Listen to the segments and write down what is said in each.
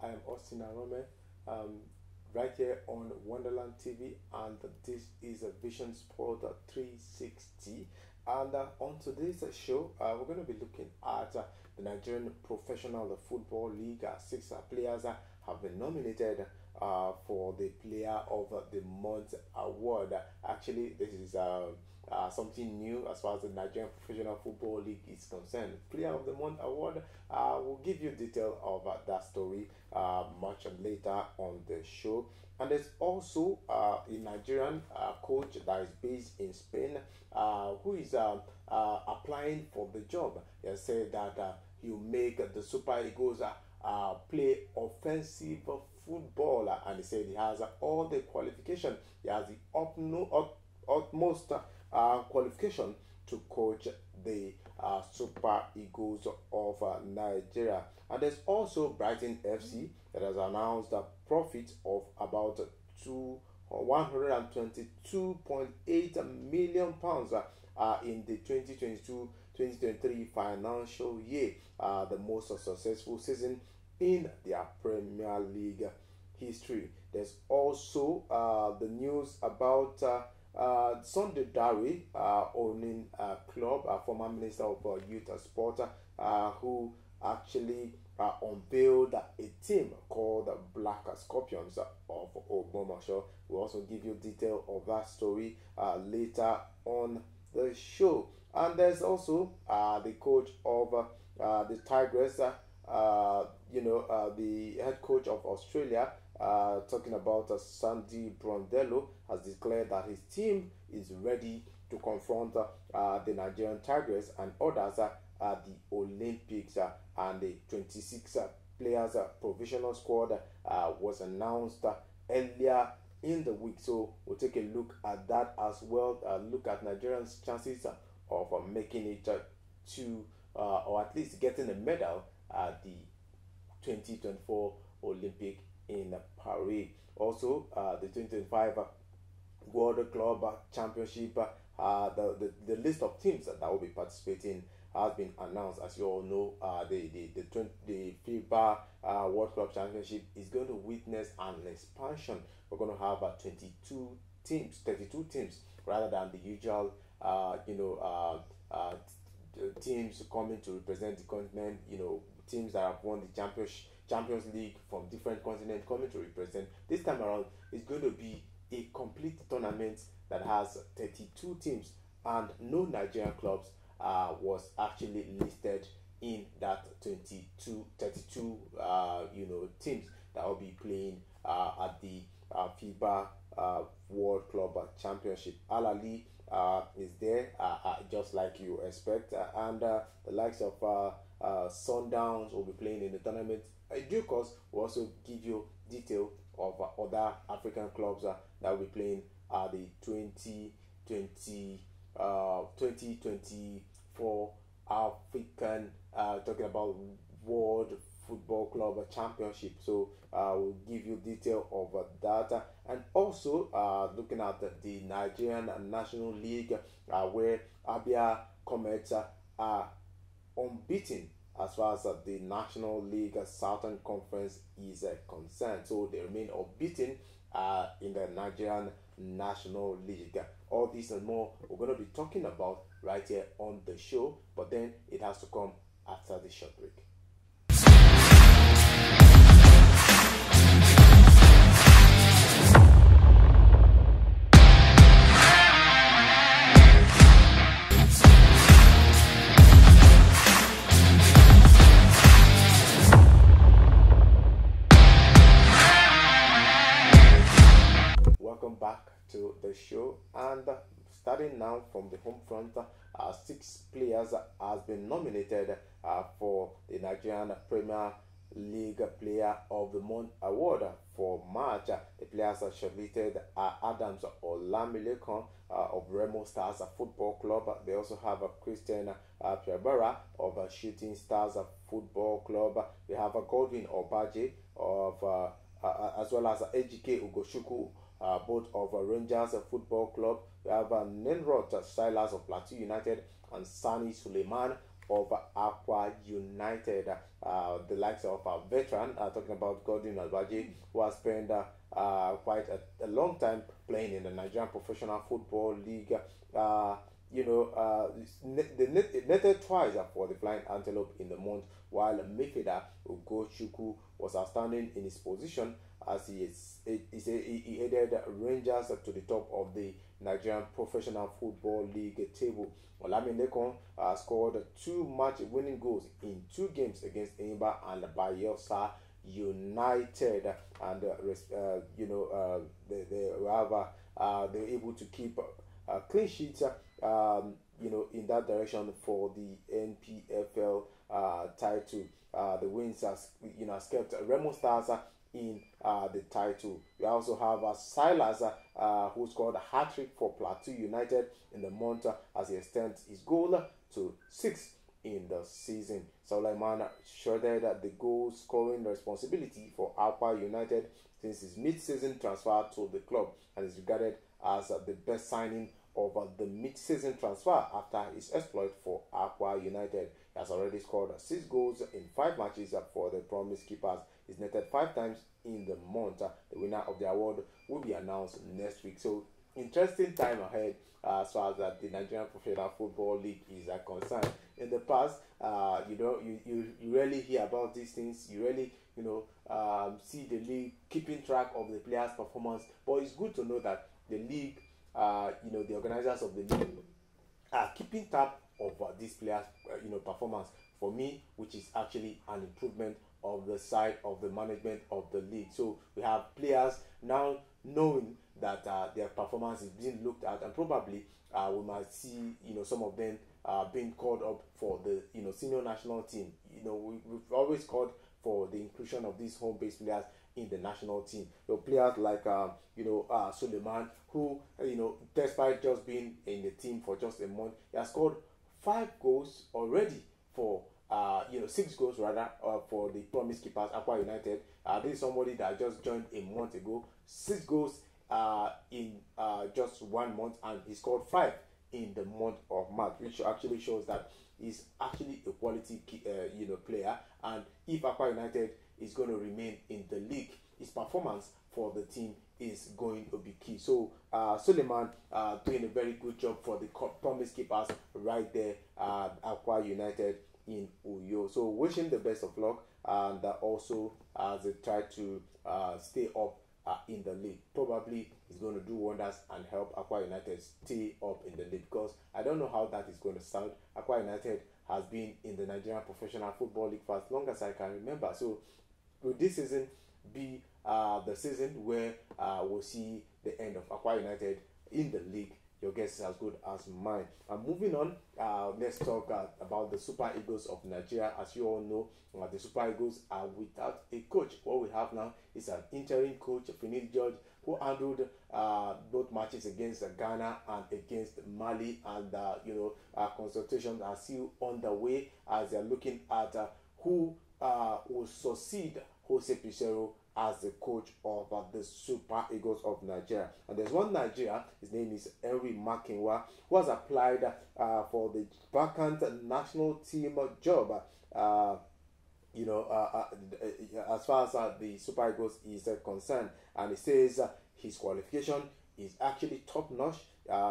I am Austin Arome, um, right here on Wonderland TV, and this is a Vision Sport 360. And uh, on today's show, uh, we're going to be looking at uh, the Nigerian Professional Football League. Uh, six uh, players uh, have been nominated uh, for the Player of the Month award. Actually, this is um, uh, something new as far as the Nigerian Professional Football League is concerned. Player of the Month award. Uh, we'll give you detail of uh, that story uh, much later on the show. And there's also uh, a Nigerian uh, coach that is based in Spain who is um, applying for the job. He said that he'll make the Super Eagles play offensive footballer and he said he has all the qualification he has the up, no, utmost uh, qualification to coach the uh, Super Eagles of uh, Nigeria. And there's also Brighton FC that has announced a profit of about two. 122.8 million pounds uh, in the 2022 2023 financial year, uh, the most successful season in their Premier League history. There's also uh, the news about uh, uh, Sunday Dari uh, owning a uh, club, a uh, former minister of youth and sport, who actually unveiled a team called Black Scorpions of Ogbomoso. We'll also give you detail of that story later on the show. And there's also the coach of the Tigress, uh, you know, uh, the head coach of Australia, uh, talking about Sandy Brondello, has declared that his team is ready to confront the Nigerian Tigers and others at the Olympics and the 26 players provisional squad was announced earlier in the week. So we'll take a look at that as well. Uh, look at Nigerians' chances uh, of uh, making it to, or at least getting a medal at the 2024 Olympic in Paris. Also, uh, the 2025 uh, World Club uh, Championship. The, the, the list of teams that will be participating has been announced. As you all know, uh, the the the, the FIFA uh, World Club Championship is going to witness an expansion. We're going to have uh, 22 teams, 32 teams, rather than the usual, uh, you know, uh, teams coming to represent the continent. You know, teams that have won the Champions League from different continents coming to represent. This time around, it's going to be a complete tournament that has 32 teams, and no Nigerian clubs uh, was actually listed in that 22, 32, uh, you know, teams that will be playing uh, at the uh, FIBA uh, World Club Championship. Al Ali uh, is there, just like you expect, and the likes of uh, Sundowns will be playing in the tournament. In due course, we'll also give you detail of uh, other African clubs uh, that will be playing at the 2020, uh, 2024 African, uh, talking about World Football Club uh, Championship. So uh, we'll give you detail of uh, that. And also looking at the Nigerian National League where Abia Comets are unbeaten as far as the National League Southern Conference is uh, concerned. So they remain unbeaten uh, in the Nigerian National League. All this and more we're going to be talking about right here on the show, but then it has to come after the short break. to the show and starting now from the home front uh, six players has been nominated uh, for the Nigerian Premier League Player of the Month award for March. Uh, the players shortlisted are uh, Adams Olamilekan uh, of Remo Stars Football Club. They also have a uh, Christian uh, Piabara of uh, Shooting Stars Football Club. They have a Godwin Obaje of uh, as well as a Ejike Ugoshuku uh, both of uh, Rangers Football Club. We have uh, Nenrod Silas of Plateau United and Sani Suleiman of Aqua United. Uh, the likes of a veteran, uh, talking about Godwin Albaji, who has spent uh, uh, quite a, a, long time playing in the Nigerian Professional Football League. Uh, you know, they netted twice for the Flying Antelope in the month, while Mifida Ugochukwu was outstanding in his position as he is, he, he headed Rangers to the top of the Nigerian Professional Football League table. Nekon uh, scored two match winning goals in two games against Imba and Bayelsa United, and uh, uh, you know uh, they, they rather uh, they were able to keep a uh, clean sheet. Um, you know, in that direction for the NPFL uh, title. Uh, the wins has you know has kept Remo Stars uh, in uh, the title. We also have uh, Silas, uh, uh who scored a hat trick for Plateau United in the month uh, as he extends his goal to six in the season. Suleiman shouldered the goal scoring responsibility for Alpa United since his mid season transfer to the club and is regarded as uh, the best signing of the mid-season transfer after his exploit for Aqua United. He has already scored six goals in five matches for the promised keepers is netted five times in the month. Uh, the winner of the award will be announced next week. So interesting time ahead uh, as far as uh, the Nigerian Professional Football League is uh, concerned. In the past, uh, you know, you, you, you rarely hear about these things. You rarely, you know, um, see the league keeping track of the players' performance. But it's good to know that the league, uh, you know, the organizers of the league are keeping tab of uh, these players, uh, you know, performance. For me, which is actually an improvement of the side of the management of the league. So we have players now knowing that uh, their performance is being looked at, and probably uh, we might see you know some of them uh, being called up for the you know senior national team. You know we, we've always called for the inclusion of these home-based players in the national team. Your players like um, you know uh, Suleiman, who you know despite just being in the team for just a month, he has scored five goals already for uh, you know, six goals rather uh, for the promise keepers, Aqua United. Uh, this is somebody that just joined a month ago. Six goals uh, in uh, just one month, and he scored five in the month of March, which actually shows that he's actually a quality, uh, you know, player. And if Aqua United is going to remain in the league, his performance for the team is going to be key. So uh, Suleiman uh, doing a very good job for the promise keepers right there at uh, Aqua United in Uyo. So wish him the best of luck and also as they try to uh, stay up uh, in the league. Probably is going to do wonders and help Aqua United stay up in the league because I don't know how that is going to sound. Aqua United has been in the Nigerian Professional Football League for as long as I can remember. So, will this season be uh, the season where uh, we'll see the end of Aqua United in the league your guess is as good as mine. And uh, moving on, uh, let's talk uh, about the Super Eagles of Nigeria. As you all know, uh, the Super Eagles are without a coach. What we have now is an interim coach, Finis George, who handled uh, both matches against Ghana and against Mali. And uh, you know, uh, consultations are still underway as they're looking at uh, who uh, will succeed Jose Pizarro as the coach of uh, the Super Eagles of Nigeria. And there's one Nigeria, his name is Henry Makinwa, who has applied uh, for the vacant national team job. Uh, you know, uh, uh, uh, as far as the Super Eagles is concerned, and he says his qualification is actually top notch.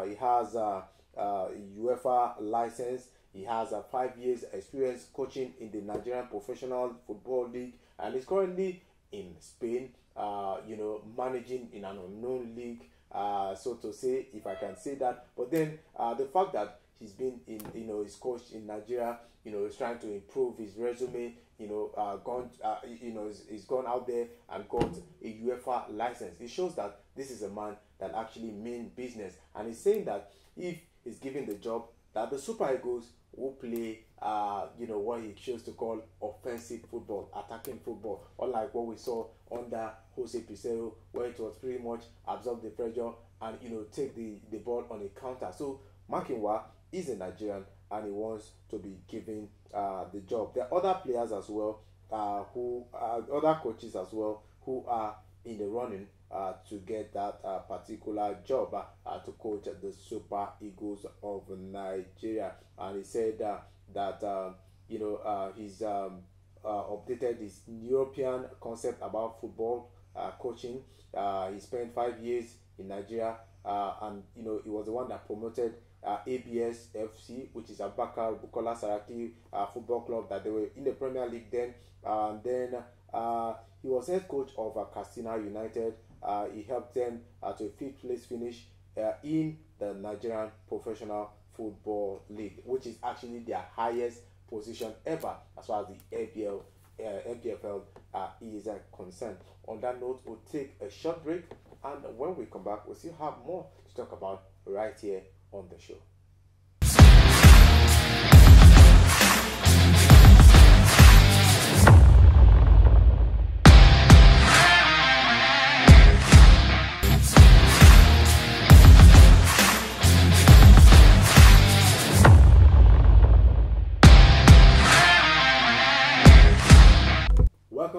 he has a UEFA license. He has a five years experience coaching in the Nigerian Professional Football League, and he's currently in Spain, uh, you know, managing in an unknown league, uh, so to say, if I can say that. But then uh, the fact that he's been in, you know, his coach in Nigeria, you know, he's trying to improve his resume, you know, uh, gone, uh, you know, he's, he's gone out there and got a UEFA license. It shows that this is a man that actually means business, and he's saying that if he's given the job, that the Super Eagles will play, uh, you know, what he chose to call offensive football, attacking football, unlike what we saw under Jose Pizarro, where it was pretty much absorb the pressure and, you know, take the, the ball on a counter. So Makinwa is a Nigerian and he wants to be given uh, the job. There are other players as well, uh, who uh, other coaches as well, who are in the running uh, to get that uh, particular job uh, to coach the Super Eagles of Nigeria. And he said uh, that, uh, you know, uh, he's um, updated his European concept about football coaching. he spent five years in Nigeria and, you know, he was the one that promoted uh, ABS FC, which is Abakar Bukola Saraki uh, Football Club, that they were in the Premier League then. and then he was head coach of Castina United uh, he helped them uh, to a fifth place finish uh, in the Nigerian Professional Football League, which is actually their highest position ever as far as the APL, uh, MPFL uh, is uh, concerned. On that note, we'll take a short break, and when we come back, we'll still have more to talk about right here on the show.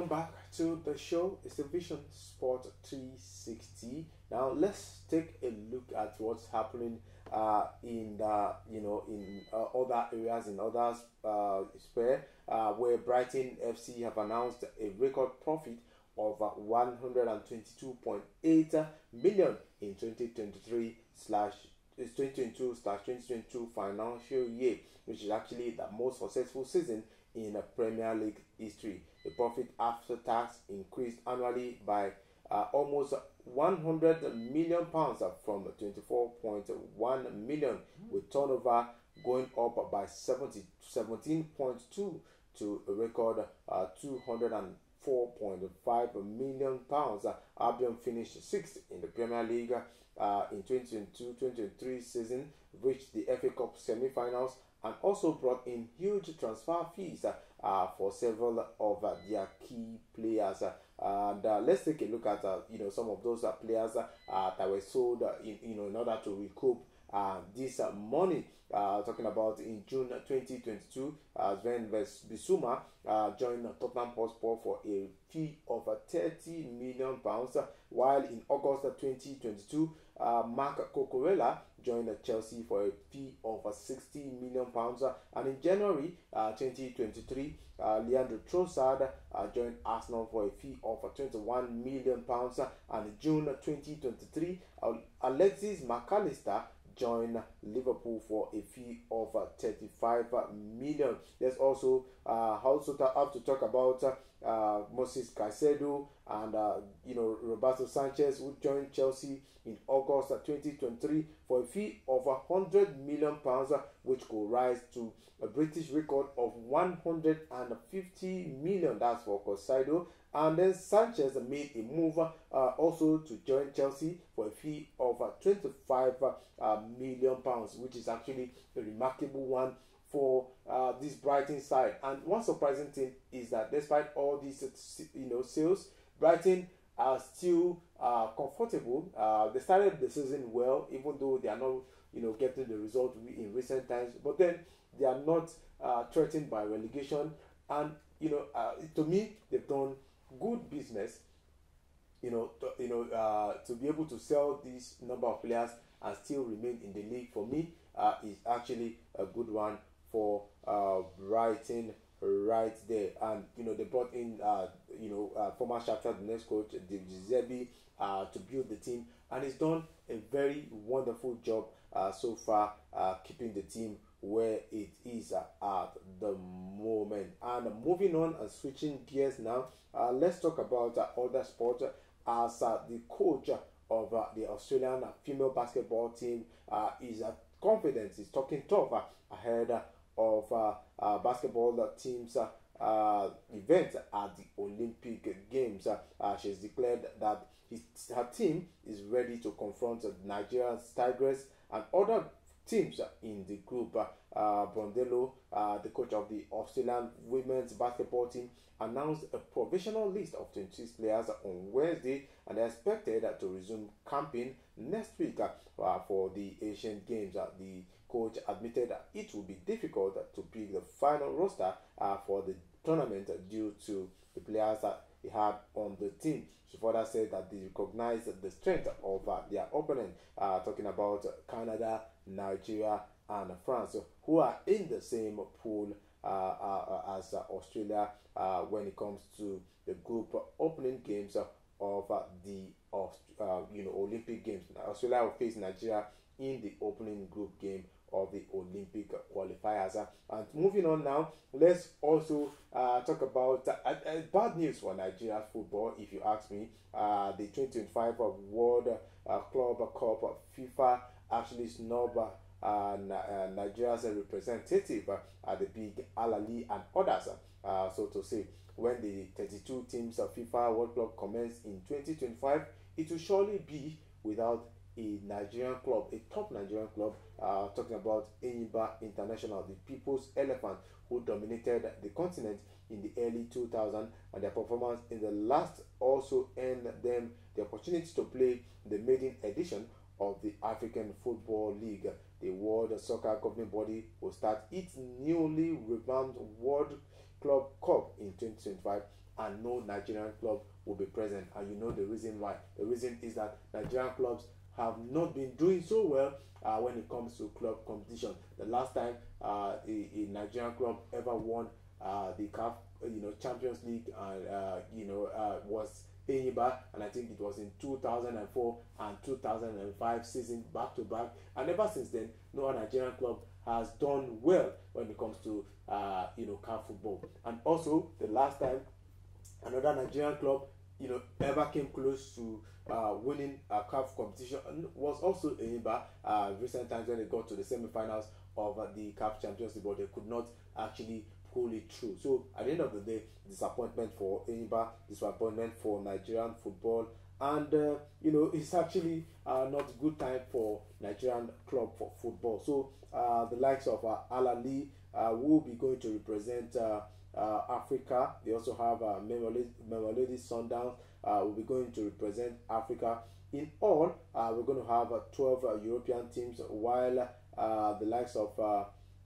welcome back to the show. It's the Vision Sport 360. Now let's take a look at what's happening uh, in the, uh, you know in uh, other areas in other uh, sphere uh, where Brighton FC have announced a record profit of uh, 122.8 million in 2023 slash eh, 2022 slash 2022 financial year, which is actually the most successful season in Premier League history. The profit after tax increased annually by uh, almost 100 million pounds from 24.1 million, with turnover going up by 17.2 to a record uh, 204.5 million pounds. Uh, Albion finished sixth in the Premier League uh, in 2022-23 season, reached the FA Cup semi-finals and also brought in huge transfer fees uh, uh, for several of uh, their key players. Uh, and uh, let's take a look at uh, you know some of those uh, players uh, that were sold uh, in, you know in order to recoup uh, this uh, money. Uh, talking about in June 2022, uh, when Bissouma uh, joined Tottenham Hotspur for a fee of uh, 30 million pounds, uh, while in August 2022, Uh, Mark Cocorella joined Chelsea for a fee of uh, 60 million pounds. Uh, and in January uh, 2023, uh, Leandro Trossard joined Arsenal for a fee of 21 million pounds. and in June 2023, Alexis McAllister joined Liverpool for a fee of 35 million. There's also uh, also to, have to talk about uh, uh, Moses Caicedo and uh, you know Roberto Sanchez, who joined Chelsea in August 2023 for a fee of 100 million pounds, uh, which could rise to a British record of 150 million. That's for Caicedo. And then Sanchez made a move uh, also to join Chelsea for a fee of 25 uh, uh, million pounds, which is actually a remarkable one for uh, this Brighton side. And one surprising thing is that despite all these you know sales, Brighton are still uh, comfortable. Uh, they started the season well, even though they are not you know getting the result in recent times. But then they are not uh, threatened by relegation, and you know uh, to me they've done good business. You know, to, you know, uh, to be able to sell this number of players and still remain in the league for me is actually a good one for uh, writing right there. And you know, they brought in uh, you know uh, former Shakhtar the next coach Dave Giuseppe uh, to build the team, and he's done a very wonderful job uh, so far, uh, keeping the team where it is uh, at the moment. And moving on and switching gears now, let's talk about other sport as the coach. Of the Australian female basketball team is confident, is talking tough ahead of uh, uh, basketball teams uh, event at the Olympic Games. she's declared that his, her team is ready to confront Nigeria's Tigers and other teams in the group. Uh, Brondello, uh, the coach of the Australian women's basketball team, announced a provisional list of 26 players on Wednesday and are expected to resume camping next week uh, for the Asian Games. Uh, the coach admitted that it will be difficult to pick the final roster uh, for the tournament due to the players that he had on the team. She further said that they recognize the strength of uh, their opponent, uh, talking about Canada, Nigeria, and France, who are in the same pool uh, uh as Australia uh, when it comes to the group opening games of the uh, you know Olympic Games. Australia will face Nigeria in the opening group game of the Olympic qualifiers. Uh, and moving on now, let's also uh, talk about uh, uh bad news for Nigeria football, if you ask me. Uh, the 2025 World Club Cup of FIFA actually snubbed uh, Nigeria's representative at the big Alali and others, so to say. When the 32 teams of FIFA World Cup commence in 2025, it will surely be without a Nigerian club, a top Nigerian club, uh, talking about Enyimba International, the people's elephant who dominated the continent in the early 2000s, and their performance in the last also earned them the opportunity to play the maiden edition of the African Football League. The World Soccer Governing Body will start its newly revamped World Club Cup in 2025, and no Nigerian club will be present. And you know the reason why. The reason is that Nigerian clubs have not been doing so well uh, when it comes to club competition. The last time uh, a, a Nigerian club ever won uh, the CAF, you know, Champions League, and uh, you know, uh, was Eyiba, and I think it was in 2004 and 2005 season back to back. And ever since then, no Nigerian club has done well when it comes to uh, you know CAF football. And also the last time another Nigerian club, you know, ever came close to uh, winning a cup competition was also Enyimba uh, recent times when they got to the semi-finals of uh, the cup Champions but they could not actually pull it through. So at the end of the day, disappointment for Enyimba, disappointment for Nigerian football, and uh, you know it's actually uh, not good time for Nigerian club for football. So uh, the likes of uh, Alali uh, will be going to represent uh, uh, Africa. They also have uh, Mamelodi Sundowns uh, will be going to represent Africa. In all, uh, we're going to have uh, 12 European teams, while the likes of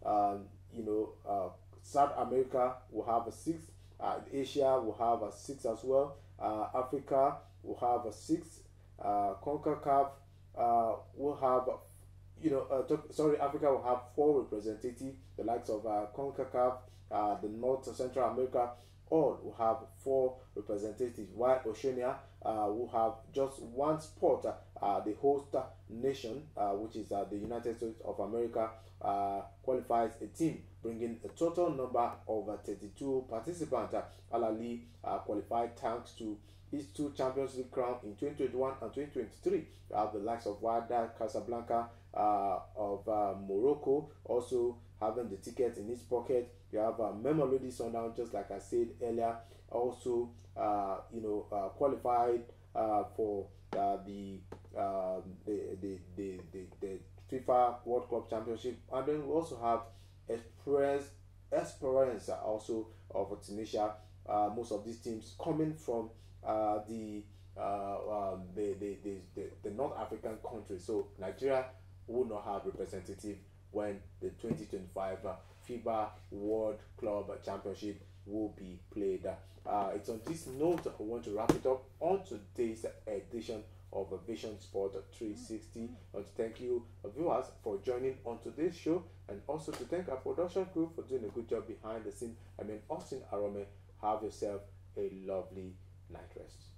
um, you know South America will have six, Asia will have six as well, Africa will have six, uh, CONCACAF uh, will have, you know, uh, to, sorry, Africa will have four representatives, the likes of uh, CONCACAF, uh, the North Central America all will have four representatives, while Oceania uh, will have just one spot. Uh, the host nation, uh, which is uh, the United States of America, uh, qualifies a team, bringing a total number of uh, 32 participants. Uh, Alali qualified thanks to his two Champions League crown in 2021 and 2023. We have the likes of Wada Casablanca of Morocco, also having the ticket in his pocket. You have already uh, signed Sundown, just like I said earlier, also uh, you know uh, qualified uh, for uh, the, um, the, the, the, the the FIFA World Cup Championship, and then we also have Esperance experience also of Tunisia. Uh, most of these teams coming from the, um, the, the, the, the North African countries. So Nigeria will not have representative when the 2025 uh, FIBA World Club Championship will be played. Uh, it's on this note I want to wrap it up on today's edition of Vision Sport 360. I want to thank you, uh, viewers, for joining on today's show and also to thank our production crew for doing a good job behind the scene. I mean, Austin Arome, have yourself a lovely night rest.